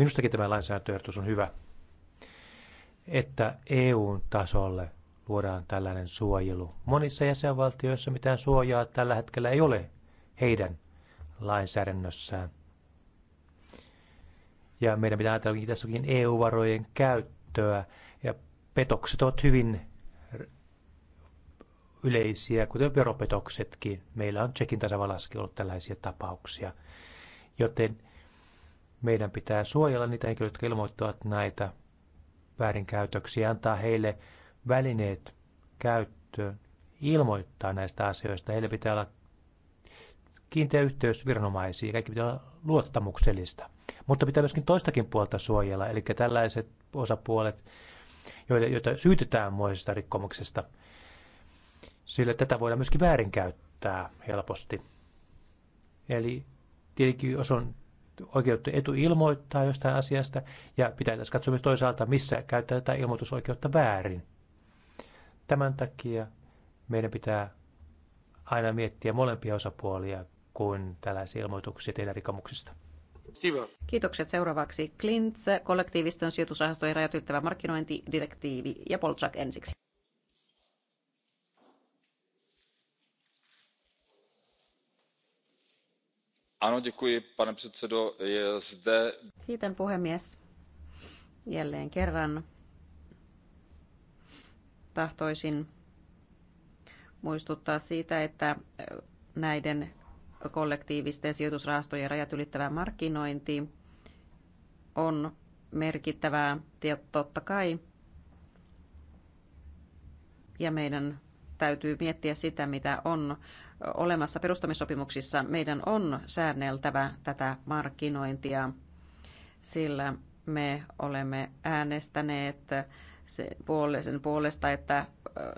Minustakin tämä lainsäädäntöehdotus on hyvä, että EUn tasolle luodaan tällainen suojelu. Monissa jäsenvaltioissa mitään suojaa tällä hetkellä ei ole heidän lainsäädännössään. Ja meidän pitää ajatella tässäkin EU-varojen käyttöä. Ja petokset ovat hyvin yleisiä, kuten veropetoksetkin. Meillä on Tsekin tasavallassakin ollut tällaisia tapauksia. Joten meidän pitää suojella niitä henkilöitä, jotka ilmoittavat näitä väärinkäytöksiä, antaa heille välineet käyttöön, ilmoittaa näistä asioista. heille pitää olla kiinteä yhteys viranomaisiin, kaikki pitää olla luottamuksellista. Mutta pitää myöskin toistakin puolta suojella, eli tällaiset osapuolet, joita, joita syytetään muista rikkomuksesta, sillä tätä voidaan myöskin väärinkäyttää helposti. Eli tietenkin, jos on oikeutta etu ilmoittaa jostain asiasta ja pitää tässä katsoa myös toisaalta, missä käyttää tätä ilmoitusoikeutta väärin. Tämän takia meidän pitää aina miettiä molempia osapuolia, kun tällaisia ilmoituksia tehdään rikomuksista. Kiitokset seuraavaksi Klintse, kollektiivisten sijoitusrahastojen rajat ylittävä markkinointidirektiivi ja Polchak ensiksi. pane předsedající kiitän puhemies. jälleen kerran tahtoisin muistuttaa siitä että näiden kollektiivisten sijoitusrahastojen rajat ylittävä markkinointi on merkittävää totta kai ja meidän täytyy miettiä sitä, mitä on olemassa perustamissopimuksissa. Meidän on säänneltävä tätä markkinointia, sillä me olemme äänestäneet sen puolesta, että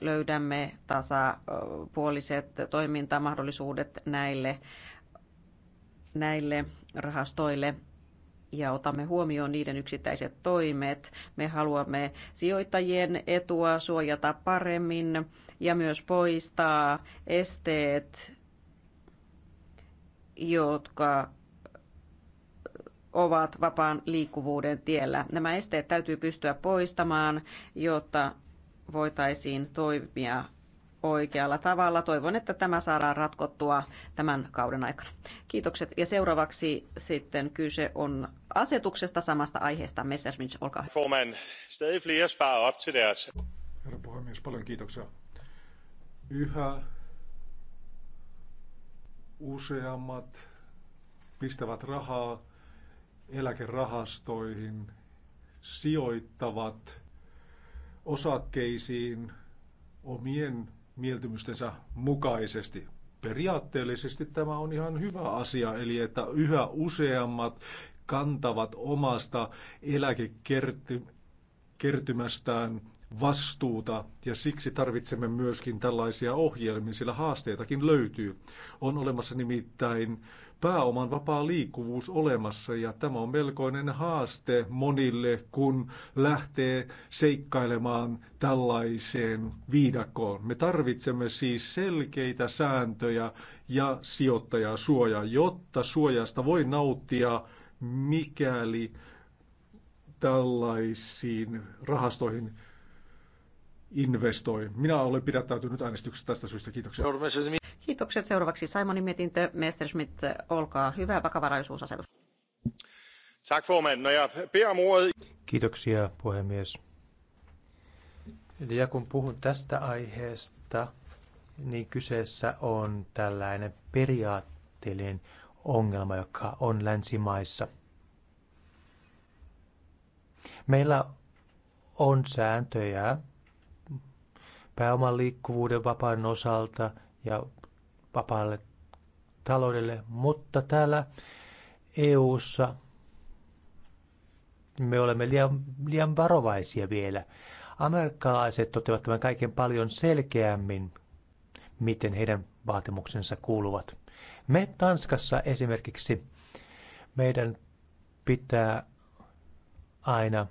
löydämme tasapuoliset toimintamahdollisuudet näille, näille rahastoille ja otamme huomioon niiden yksittäiset toimet. Me haluamme sijoittajien etua suojata paremmin ja myös poistaa esteet, jotka ovat vapaan liikkuvuuden tiellä. Nämä esteet täytyy pystyä poistamaan, jotta voitaisiin toimia oikealla tavalla. Toivon, että tämä saadaan ratkottua tämän kauden aikana. Kiitokset. Ja seuraavaksi sitten kyse on asetuksesta samasta aiheesta. Messerschmitt, olkaa hyvä. Herra puhemies, paljon kiitoksia. Yhä useammat pistävät rahaa eläkerahastoihin, sijoittavat osakkeisiin omien mieltymystensä mukaisesti. Periaatteellisesti tämä on ihan hyvä asia, eli että yhä useammat kantavat omasta eläkekertymästään vastuuta ja siksi tarvitsemme myöskin tällaisia ohjelmia, sillä haasteitakin löytyy. On olemassa nimittäin pääoman vapaa liikkuvuus olemassa ja tämä on melkoinen haaste monille, kun lähtee seikkailemaan tällaiseen viidakkoon. Me tarvitsemme siis selkeitä sääntöjä ja sijoittajasuojaa, jotta suojasta voi nauttia, mikäli tällaisiin rahastoihin investoi. Minä olen pidättäytynyt äänestyksestä tästä syystä. Kiitoksia. Kiitokset. Seuraavaksi Simonin mietintö. Messerschmidt, olkaa hyvä. Vakavaraisuusasetus. Tak formand. Når Kiitoksia puhemies. Eli ja kun puhun tästä aiheesta, niin kyseessä on tällainen periaatteellinen ongelma, joka on länsimaissa. Meillä on sääntöjä pääoman liikkuvuuden vapaan osalta ja vapaalle taloudelle, mutta täällä EU:ssa me olemme liian, liian varovaisia vielä. Amerikkalaiset toteavat tämän kaiken paljon selkeämmin, miten heidän vaatimuksensa kuuluvat. Me Tanskassa esimerkiksi meidän pitää aina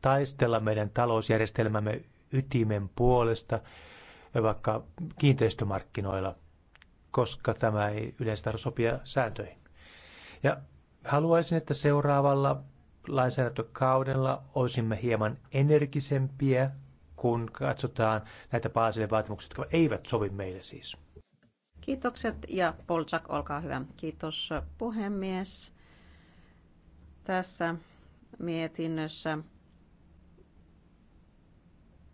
taistella meidän talousjärjestelmämme ytimen puolesta, vaikka kiinteistömarkkinoilla – koska tämä ei yleensä sopia sääntöihin. Ja haluaisin, että seuraavalla lainsäädäntökaudella olisimme hieman energisempiä, kun katsotaan näitä Baselin vaatimuksia, jotka eivät sovi meille siis. Kiitokset ja Polsak, olkaa hyvä. Kiitos puhemies. Tässä mietinnössä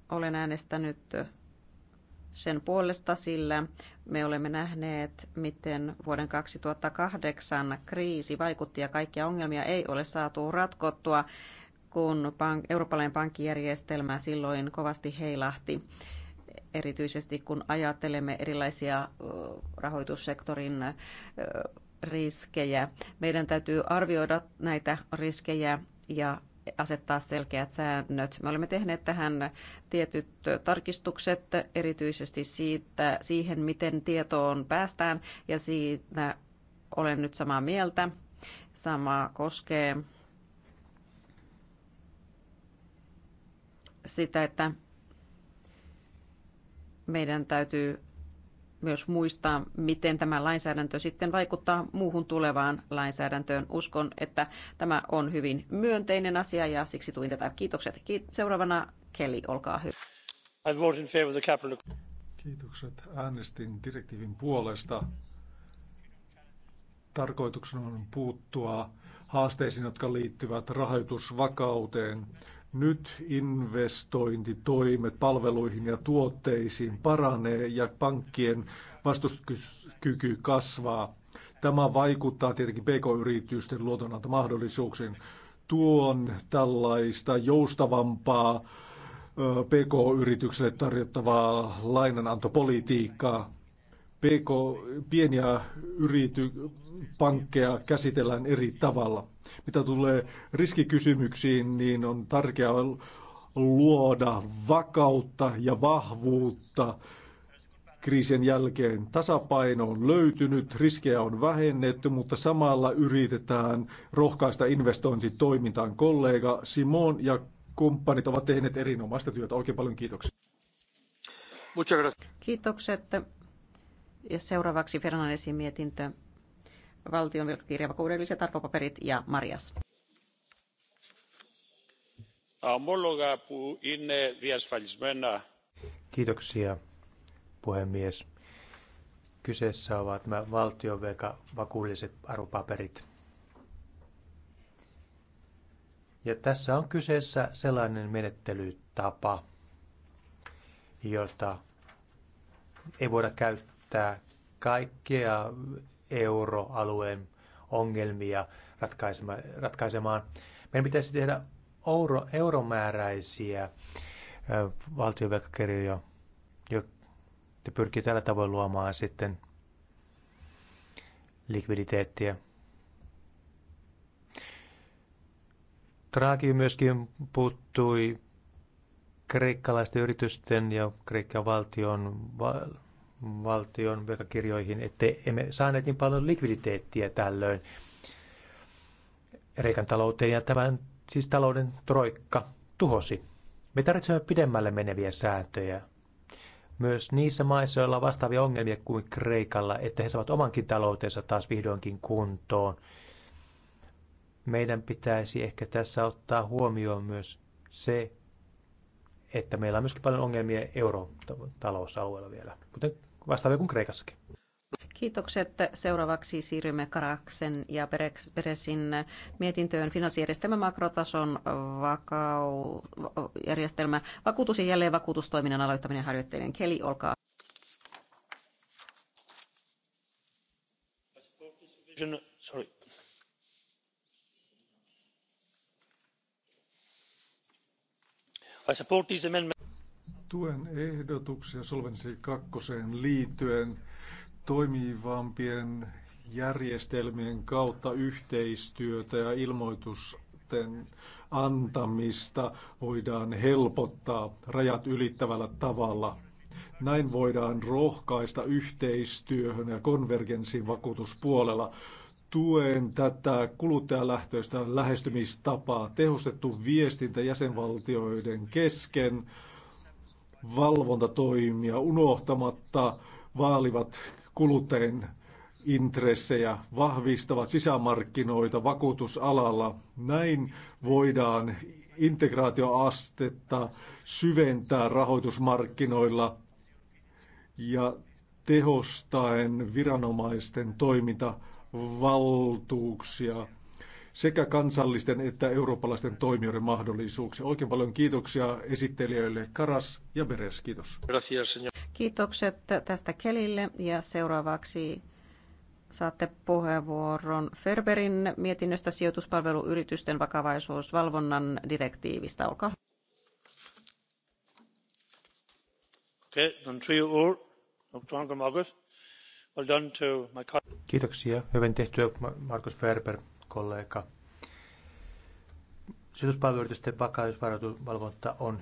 olen äänestänyt sen puolesta, sillä me olemme nähneet, miten vuoden 2008 kriisi vaikutti ja kaikkia ongelmia ei ole saatu ratkottua, kun pank- eurooppalainen pankkijärjestelmä silloin kovasti heilahti erityisesti kun ajattelemme erilaisia rahoitussektorin riskejä. Meidän täytyy arvioida näitä riskejä ja asettaa selkeät säännöt. Me olemme tehneet tähän tietyt tarkistukset erityisesti siitä, siihen, miten tietoon päästään ja siinä olen nyt samaa mieltä. Sama koskee sitä, että meidän täytyy myös muistaa, miten tämä lainsäädäntö sitten vaikuttaa muuhun tulevaan lainsäädäntöön. Uskon, että tämä on hyvin myönteinen asia ja siksi tuin tätä. Kiitokset. Seuraavana Kelly, olkaa hyvä. I in favor of the capital. Kiitokset. Äänestin direktiivin puolesta. Tarkoituksena on puuttua haasteisiin, jotka liittyvät rahoitusvakauteen nyt investointitoimet palveluihin ja tuotteisiin paranee ja pankkien vastustuskyky kasvaa. Tämä vaikuttaa tietenkin pk-yritysten luotonantomahdollisuuksiin. Tuon tällaista joustavampaa pk-yritykselle tarjottavaa lainanantopolitiikkaa PK, pieniä yrity, pankkeja käsitellään eri tavalla. Mitä tulee riskikysymyksiin, niin on tärkeää luoda vakautta ja vahvuutta kriisin jälkeen. Tasapaino on löytynyt, riskejä on vähennetty, mutta samalla yritetään rohkaista investointitoimintaan. Kollega Simon ja kumppanit ovat tehneet erinomaista työtä. Oikein paljon kiitoksia. Kiitokset. Ja seuraavaksi Fernandesin mietintö, valtion velkakirja, vakuudelliset arvopaperit ja Marias. Kiitoksia, puhemies. Kyseessä ovat nämä valtion vakuudelliset arvopaperit. Ja tässä on kyseessä sellainen menettelytapa, jota ei voida käyttää että kaikkea euroalueen ongelmia ratkaisemaan. Meidän pitäisi tehdä euro, euromääräisiä valtionvelkakirjoja, ja pyrkii tällä tavoin luomaan sitten likviditeettiä. Draghi myöskin puuttui kreikkalaisten yritysten ja kreikkan valtion valtion velkakirjoihin, että emme saaneet niin paljon likviditeettiä tällöin Reikan talouteen ja tämän siis talouden troikka tuhosi. Me tarvitsemme pidemmälle meneviä sääntöjä. Myös niissä maissa, joilla on vastaavia ongelmia kuin Kreikalla, että he saavat omankin taloutensa taas vihdoinkin kuntoon. Meidän pitäisi ehkä tässä ottaa huomioon myös se, että meillä on myöskin paljon ongelmia eurotalousalueella vielä, kuten vastaavia kuin Kreikassakin. Kiitokset. Seuraavaksi siirrymme Karaksen ja Peresin mietintöön finanssijärjestelmä makrotason vakau, järjestelmä, vakuutus- ja jälleen vakuutustoiminnan aloittaminen harjoitteiden keli. Olkaa Sorry. I support these amendments. Tuen ehdotuksia Solvency 2 liittyen toimivampien järjestelmien kautta yhteistyötä ja ilmoitusten antamista voidaan helpottaa rajat ylittävällä tavalla. Näin voidaan rohkaista yhteistyöhön ja konvergenssin vakuutuspuolella. Tuen tätä kuluttajalähtöistä lähestymistapaa, tehostettu viestintä jäsenvaltioiden kesken, valvontatoimia unohtamatta vaalivat kuluttajien intressejä, vahvistavat sisämarkkinoita vakuutusalalla. Näin voidaan integraatioastetta syventää rahoitusmarkkinoilla ja tehostaen viranomaisten toimintavaltuuksia sekä kansallisten että eurooppalaisten toimijoiden mahdollisuuksia. Oikein paljon kiitoksia esittelijöille Karas ja Beres. Kiitos. Kiitokset tästä Kelille ja seuraavaksi saatte puheenvuoron Ferberin mietinnöstä sijoituspalveluyritysten vakavaisuusvalvonnan direktiivistä. Olkaa hyvä. Kiitoksia. Hyvin tehtyä, Markus Ferber kollega. Sijoituspalveluyritysten vakausvalvonta on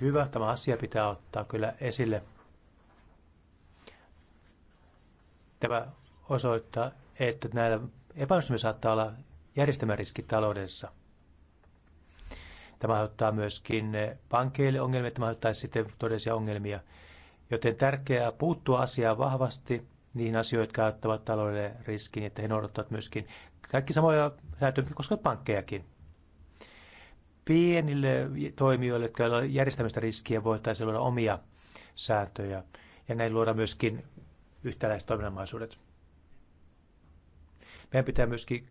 hyvä. Tämä asia pitää ottaa kyllä esille. Tämä osoittaa, että näillä epäonnistumisilla saattaa olla järjestelmäriski taloudessa. Tämä aiheuttaa myöskin pankeille ongelmia, tämä aiheuttaa sitten todellisia ongelmia. Joten tärkeää puuttua asiaan vahvasti niihin asioihin, jotka aiheuttavat taloudelle riskin, että he noudattavat myöskin kaikki samoja sääntöjä, koskevat pankkejakin. Pienille toimijoille, jotka ovat järjestämistä riskiä, voitaisiin luoda omia sääntöjä ja näin luoda myöskin yhtäläiset toiminnanmaisuudet. Meidän pitää myöskin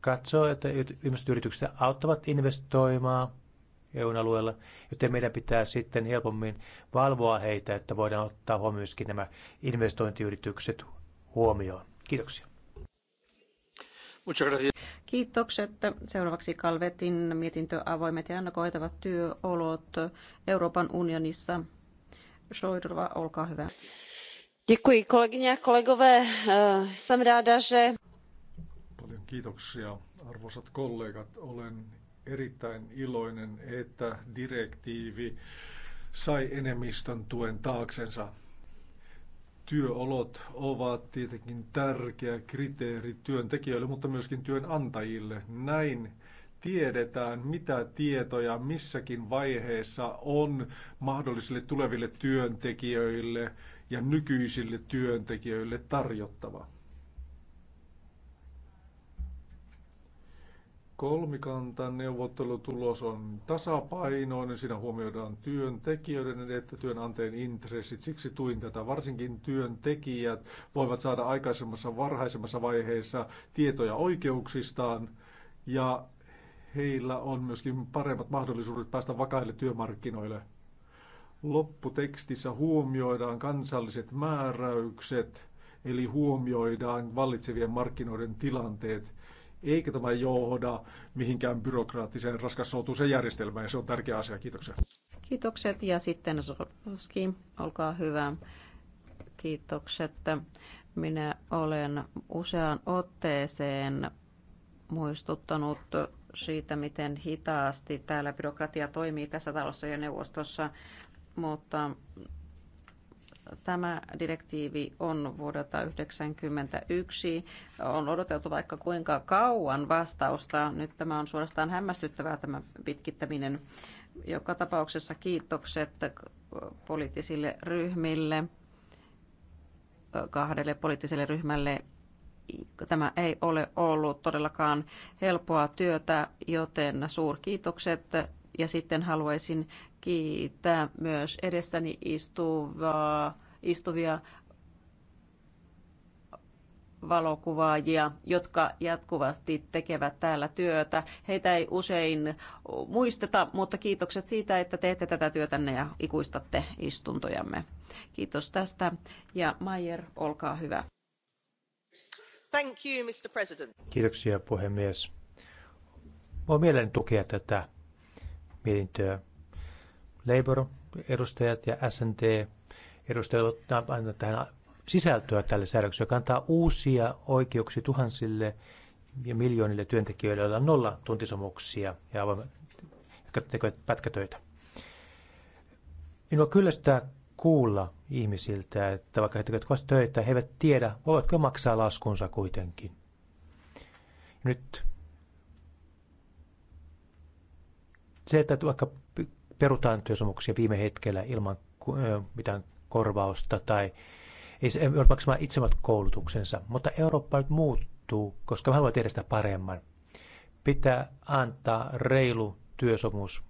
katsoa, että ilmeisesti yritykset auttavat investoimaan EUn alueella, joten meidän pitää sitten helpommin valvoa heitä, että voidaan ottaa huomioon myöskin nämä investointiyritykset huomioon. Kiitoksia. Kiitokset. Seuraavaksi Kalvetin mietintö avoimet ja ennakoitavat työolot Euroopan unionissa. Soidova, olkaa hyvä. Děkuji, kolegyně a kolegové. Eh, jsem ráda, že... Paljon kiitoksia, arvoisat kollegat. Olen erittäin iloinen, että direktiivi sai enemmistön tuen taaksensa. Työolot ovat tietenkin tärkeä kriteeri työntekijöille, mutta myöskin työnantajille. Näin tiedetään, mitä tietoja missäkin vaiheessa on mahdollisille tuleville työntekijöille ja nykyisille työntekijöille tarjottava. kolmikantaneuvottelutulos on tasapainoinen, siinä huomioidaan työntekijöiden että työnantajien intressit. Siksi tuin tätä. Varsinkin työntekijät voivat saada aikaisemmassa varhaisemmassa vaiheessa tietoja oikeuksistaan ja heillä on myöskin paremmat mahdollisuudet päästä vakaille työmarkkinoille. Lopputekstissä huomioidaan kansalliset määräykset, eli huomioidaan vallitsevien markkinoiden tilanteet eikä tämä johda mihinkään byrokraattiseen raskassoutuiseen järjestelmään, ja se on tärkeä asia. Kiitoksia. Kiitokset, ja sitten Zorowski, olkaa hyvä. Kiitokset. Minä olen useaan otteeseen muistuttanut siitä, miten hitaasti täällä byrokratia toimii tässä talossa ja neuvostossa, mutta Tämä direktiivi on vuodelta 1991. On odoteltu vaikka kuinka kauan vastausta. Nyt tämä on suorastaan hämmästyttävää tämä pitkittäminen. Joka tapauksessa kiitokset poliittisille ryhmille, kahdelle poliittiselle ryhmälle. Tämä ei ole ollut todellakaan helppoa työtä, joten suurkiitokset ja sitten haluaisin kiittää myös edessäni istuvaa, istuvia valokuvaajia, jotka jatkuvasti tekevät täällä työtä. Heitä ei usein muisteta, mutta kiitokset siitä, että teette tätä työtänne ja ikuistatte istuntojamme. Kiitos tästä ja Mayer, olkaa hyvä. Thank you, Mr. President. Kiitoksia puhemies. Olen mielen tukea tätä mietintöä. Labour-edustajat ja SNT-edustajat antavat tähän sisältöä tälle säädökselle, joka antaa uusia oikeuksia tuhansille ja miljoonille työntekijöille, joilla on nolla tuntisomuksia ja jotka tekevät pätkätöitä. Minua kyllästää kuulla ihmisiltä, että vaikka he tekevät töitä, he eivät tiedä, voivatko maksaa laskunsa kuitenkin. Nyt Se, että vaikka perutaan työsomuksia viime hetkellä ilman mitään korvausta tai ei se ole maksamaan itsemät koulutuksensa, mutta Eurooppa nyt muuttuu, koska me haluamme tehdä sitä paremman. Pitää antaa reilu työsopimus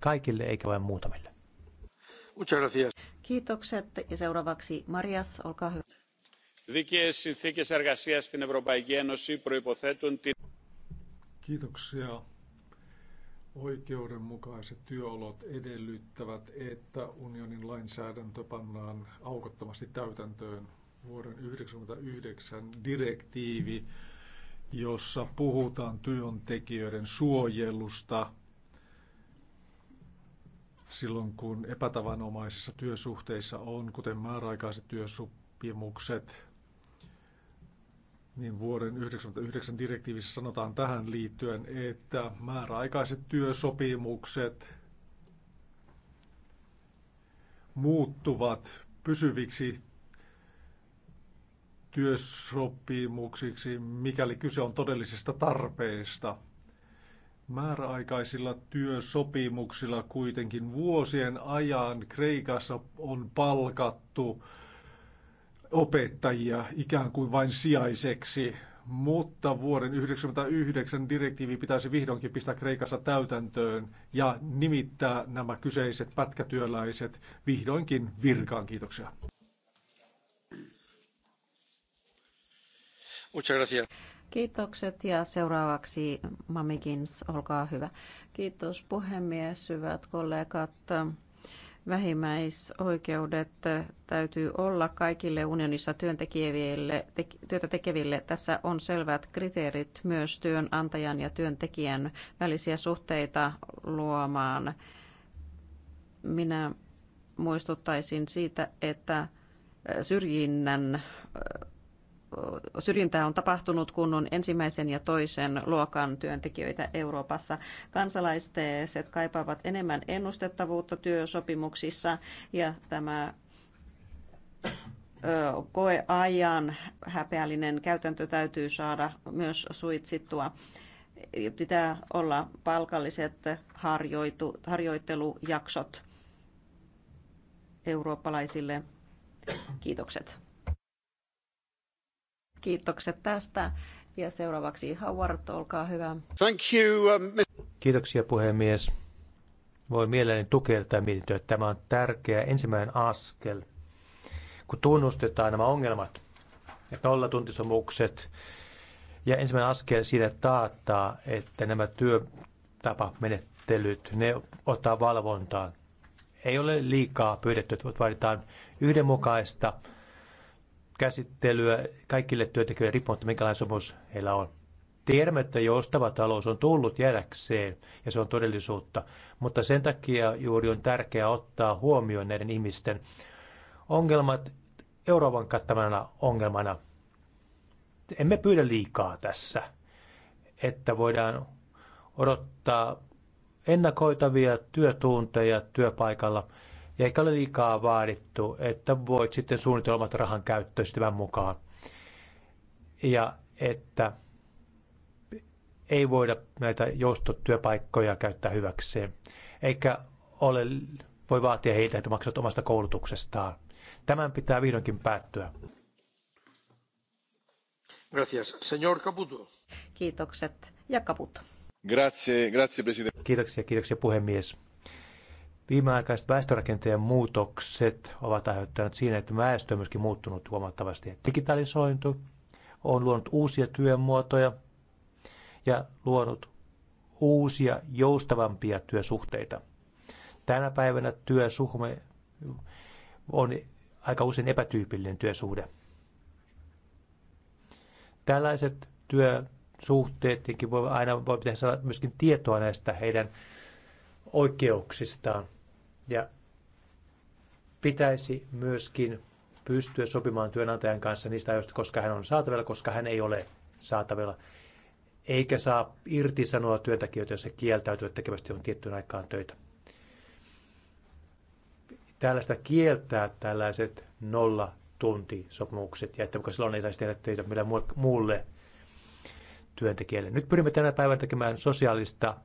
kaikille eikä vain muutamille. Kiitokset ja seuraavaksi Marias, olkaa hyvä. Kiitoksia Oikeudenmukaiset työolot edellyttävät, että unionin lainsäädäntö pannaan aukottomasti täytäntöön. Vuoden 1999 direktiivi, jossa puhutaan työntekijöiden suojelusta silloin, kun epätavanomaisissa työsuhteissa on, kuten määräaikaiset työsopimukset, niin vuoden 1999 direktiivissä sanotaan tähän liittyen, että määräaikaiset työsopimukset muuttuvat pysyviksi työsopimuksiksi, mikäli kyse on todellisista tarpeista. Määräaikaisilla työsopimuksilla kuitenkin vuosien ajan Kreikassa on palkattu opettajia ikään kuin vain sijaiseksi, mutta vuoden 1999 direktiivi pitäisi vihdoinkin pistää Kreikassa täytäntöön ja nimittää nämä kyseiset pätkätyöläiset vihdoinkin virkaan. Kiitoksia. Kiitokset ja seuraavaksi Mamikins, olkaa hyvä. Kiitos puhemies, hyvät kollegat vähimmäisoikeudet täytyy olla kaikille unionissa työntekijäville, työtä tekeville. Tässä on selvät kriteerit myös työnantajan ja työntekijän välisiä suhteita luomaan. Minä muistuttaisin siitä, että syrjinnän syrjintää on tapahtunut, kun on ensimmäisen ja toisen luokan työntekijöitä Euroopassa. Kansalaisteeset kaipaavat enemmän ennustettavuutta työsopimuksissa ja tämä koeajan häpeällinen käytäntö täytyy saada myös suitsittua. Pitää olla palkalliset harjoitu, harjoittelujaksot eurooppalaisille. Kiitokset. Kiitokset tästä. Ja seuraavaksi Howard, olkaa hyvä. Thank you, uh, Kiitoksia puhemies. Voi mielelläni tukea tätä mietintöä. Tämä on tärkeä ensimmäinen askel, kun tunnustetaan nämä ongelmat, että nollatuntisomukset, ja ensimmäinen askel siinä taattaa, että nämä työtapamenettelyt, ne ottaa valvontaan. Ei ole liikaa pyydetty, että vaaditaan yhdenmukaista käsittelyä kaikille työntekijöille riippumatta, minkälainen sopimus heillä on. Tiedämme, että joustava talous on tullut jäädäkseen ja se on todellisuutta, mutta sen takia juuri on tärkeää ottaa huomioon näiden ihmisten ongelmat Euroopan kattavana ongelmana. Emme pyydä liikaa tässä, että voidaan odottaa ennakoitavia työtunteja työpaikalla – ja eikä ole liikaa vaadittu, että voit sitten suunnitella omat rahan käyttöösi tämän mukaan. Ja että ei voida näitä joustotyöpaikkoja käyttää hyväkseen. Eikä ole, voi vaatia heiltä, että maksat omasta koulutuksestaan. Tämän pitää vihdoinkin päättyä. Gracias. Señor Caputo. Kiitokset. Ja Caputo. Grazie, grazie presidente. Kiitoksia, kiitoksia puhemies. Viimeaikaiset väestörakenteen muutokset ovat aiheuttaneet siinä, että väestö on myöskin muuttunut huomattavasti. Digitalisointu on luonut uusia työmuotoja ja luonut uusia joustavampia työsuhteita. Tänä päivänä työsuhme on aika usein epätyypillinen työsuhde. Tällaiset työsuhteet voi aina voi pitää saada myöskin tietoa näistä heidän oikeuksistaan – ja pitäisi myöskin pystyä sopimaan työnantajan kanssa niistä ajoista, koska hän on saatavilla, koska hän ei ole saatavilla. Eikä saa irtisanoa työntekijöitä, jos se kieltäytyvät tekevästi on tiettyyn aikaan töitä. Tällaista kieltää tällaiset nolla tuntisopimukset ja että mukaan silloin ei saisi tehdä töitä millä muulle työntekijälle. Nyt pyrimme tänä päivänä tekemään sosiaalista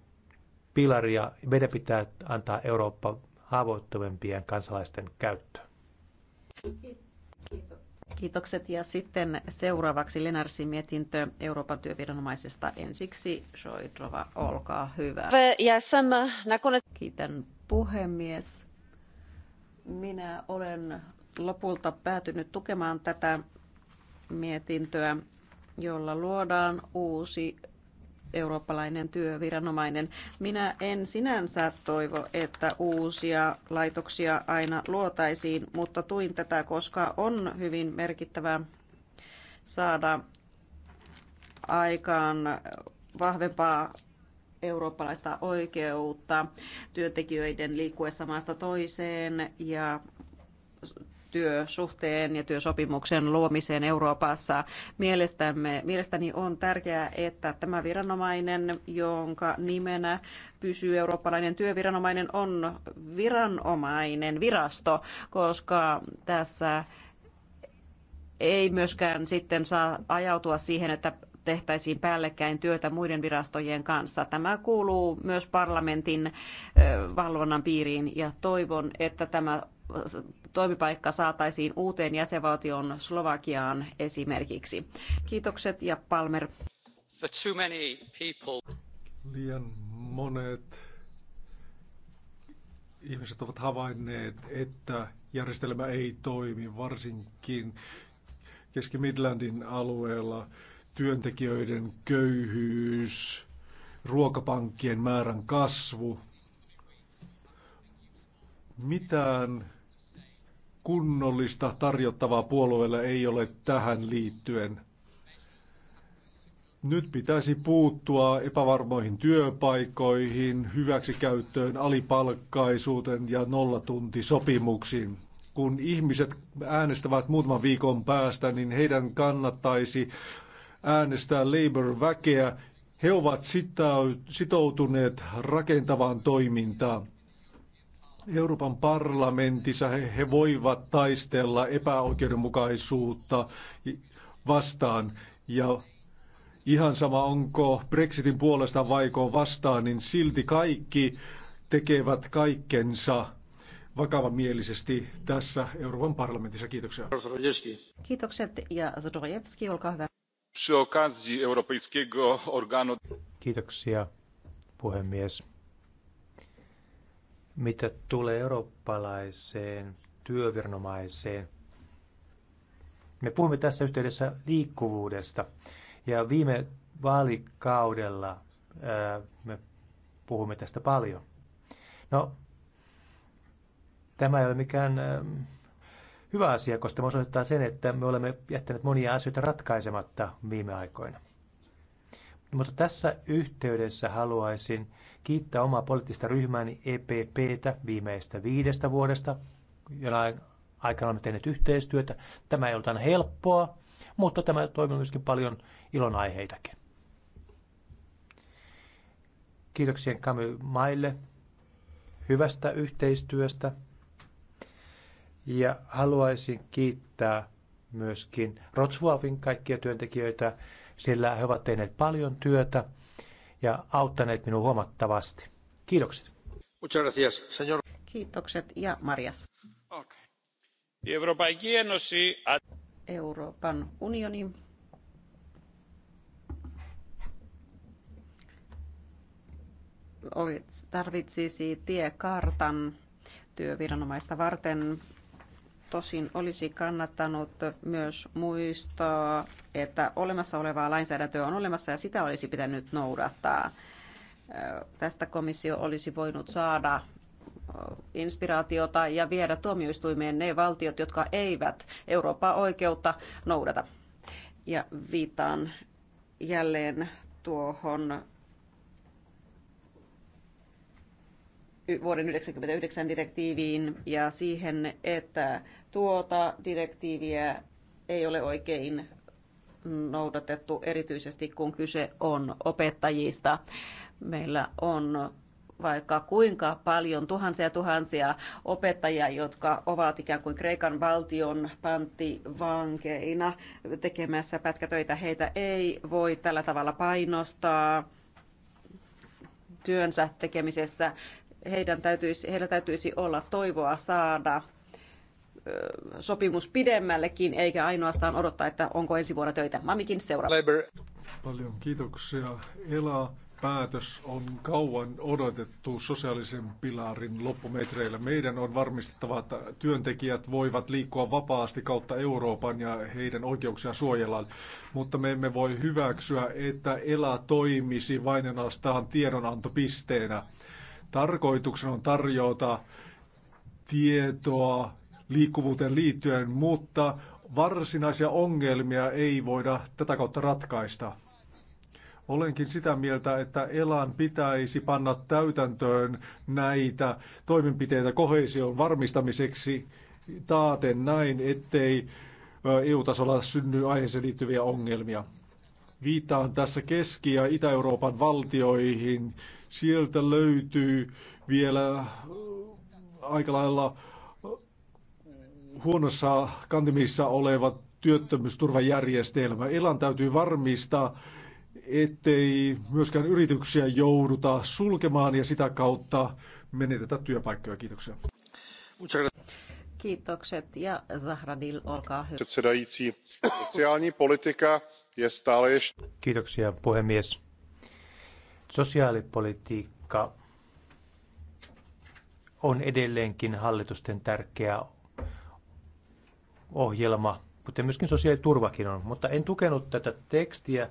pilaria. Meidän pitää antaa Eurooppa haavoittuvimpien kansalaisten käyttöön. Kiitokset. Ja sitten seuraavaksi Lenarsin mietintö Euroopan työviranomaisesta. Ensiksi Soidrova, olkaa hyvä. Kiitän puhemies. Minä olen lopulta päätynyt tukemaan tätä mietintöä, jolla luodaan uusi eurooppalainen työviranomainen. Minä en sinänsä toivo, että uusia laitoksia aina luotaisiin, mutta tuin tätä, koska on hyvin merkittävää saada aikaan vahvempaa eurooppalaista oikeutta työntekijöiden liikkuessa maasta toiseen ja työsuhteen ja työsopimuksen luomiseen Euroopassa. Mielestämme, mielestäni on tärkeää, että tämä viranomainen, jonka nimenä pysyy eurooppalainen työviranomainen, on viranomainen, virasto, koska tässä ei myöskään sitten saa ajautua siihen, että tehtäisiin päällekkäin työtä muiden virastojen kanssa. Tämä kuuluu myös parlamentin valvonnan piiriin ja toivon, että tämä toimipaikka saataisiin uuteen jäsenvaltion Slovakiaan esimerkiksi. Kiitokset ja Palmer. Liian monet ihmiset ovat havainneet, että järjestelmä ei toimi, varsinkin Keski-Midlandin alueella työntekijöiden köyhyys, ruokapankkien määrän kasvu. Mitään kunnollista tarjottavaa puolueella ei ole tähän liittyen. Nyt pitäisi puuttua epävarmoihin työpaikoihin, hyväksikäyttöön, alipalkkaisuuteen ja nollatuntisopimuksiin. Kun ihmiset äänestävät muutaman viikon päästä, niin heidän kannattaisi äänestää Labour-väkeä. He ovat sitoutuneet rakentavaan toimintaan. Euroopan parlamentissa he, he voivat taistella epäoikeudenmukaisuutta vastaan ja ihan sama onko Brexitin puolesta vaiko vastaan, niin silti kaikki tekevät kaikkensa vakavamielisesti tässä Euroopan parlamentissa. Kiitoksia. Kiitokset ja Zdrojevski, olkaa hyvä. Kiitoksia, puhemies. Mitä tulee eurooppalaiseen työviranomaiseen, me puhumme tässä yhteydessä liikkuvuudesta. Ja viime vaalikaudella ää, me puhumme tästä paljon. No, tämä ei ole mikään ää, hyvä asia, koska tämä osoittaa sen, että me olemme jättäneet monia asioita ratkaisematta viime aikoina. Mutta tässä yhteydessä haluaisin kiittää omaa poliittista ryhmääni EPPtä viimeistä viidestä vuodesta, jona aikana olemme tehneet yhteistyötä. Tämä ei ollut aina helppoa, mutta tämä toimii myöskin paljon ilonaiheitakin. Kiitoksia Kamy Maille hyvästä yhteistyöstä. Ja haluaisin kiittää myöskin Rotsvuovin kaikkia työntekijöitä, sillä he ovat tehneet paljon työtä ja auttaneet minua huomattavasti. Kiitokset. Kiitokset ja Marjas. Okay. Euroopan unioni tarvitsisi tiekartan työviranomaista varten Tosin olisi kannattanut myös muistaa, että olemassa olevaa lainsäädäntöä on olemassa ja sitä olisi pitänyt noudattaa. Tästä komissio olisi voinut saada inspiraatiota ja viedä tuomioistuimeen ne valtiot, jotka eivät Euroopan oikeutta noudata. Ja viittaan jälleen tuohon vuoden 1999 direktiiviin ja siihen, että tuota direktiiviä ei ole oikein noudatettu, erityisesti kun kyse on opettajista. Meillä on vaikka kuinka paljon tuhansia tuhansia opettajia, jotka ovat ikään kuin Kreikan valtion panttivankeina tekemässä pätkätöitä. Heitä ei voi tällä tavalla painostaa työnsä tekemisessä. Heidän täytyisi, heillä täytyisi olla toivoa saada sopimus pidemmällekin, eikä ainoastaan odottaa, että onko ensi vuonna töitä. Mamikin seuraava. Paljon kiitoksia. Ela, päätös on kauan odotettu sosiaalisen pilarin loppumetreillä. Meidän on varmistettava, että työntekijät voivat liikkua vapaasti kautta Euroopan ja heidän oikeuksiaan suojellaan. Mutta me emme voi hyväksyä, että ELA toimisi vain ainoastaan tiedonantopisteenä. Tarkoituksena on tarjota tietoa liikkuvuuteen liittyen, mutta varsinaisia ongelmia ei voida tätä kautta ratkaista. Olenkin sitä mieltä, että Elan pitäisi panna täytäntöön näitä toimenpiteitä kohesion varmistamiseksi taaten näin, ettei EU-tasolla synny aiheeseen liittyviä ongelmia. Viittaan tässä Keski- ja Itä-Euroopan valtioihin. Sieltä löytyy vielä aika lailla huonossa kantimissa oleva työttömyysturvajärjestelmä. Elan täytyy varmistaa, ettei myöskään yrityksiä jouduta sulkemaan ja sitä kautta menetetä työpaikkoja. Kiitoksia. Kiitokset ja Zahradil, olkaa hyvä. stále Kiitoksia puhemies. Sosiaalipolitiikka on edelleenkin hallitusten tärkeä ohjelma, mutta myöskin sosiaaliturvakin on. Mutta en tukenut tätä tekstiä,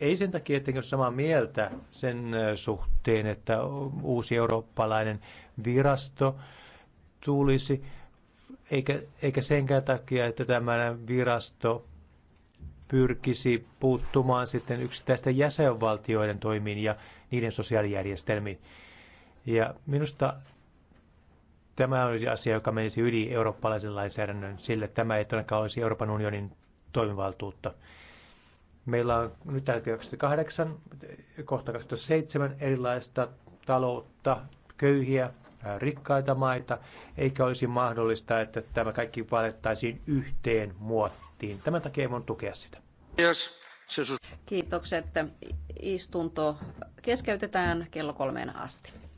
ei sen takia, että ole samaa mieltä sen suhteen, että uusi eurooppalainen virasto tulisi, eikä, eikä senkään takia, että tämä virasto pyrkisi puuttumaan sitten yksittäisten jäsenvaltioiden toimiin ja niiden sosiaalijärjestelmiin. Ja minusta Tämä olisi asia, joka menisi yli eurooppalaisen lainsäädännön, sillä tämä ei todellakaan olisi Euroopan unionin toimivaltuutta. Meillä on nyt tällä 28, kohta 27 erilaista taloutta, köyhiä, rikkaita maita, eikä olisi mahdollista, että tämä kaikki valettaisiin yhteen muottiin. Tämän takia ei voinut tukea sitä. Yes. Kiitokset. Istunto keskeytetään kello kolmeen asti.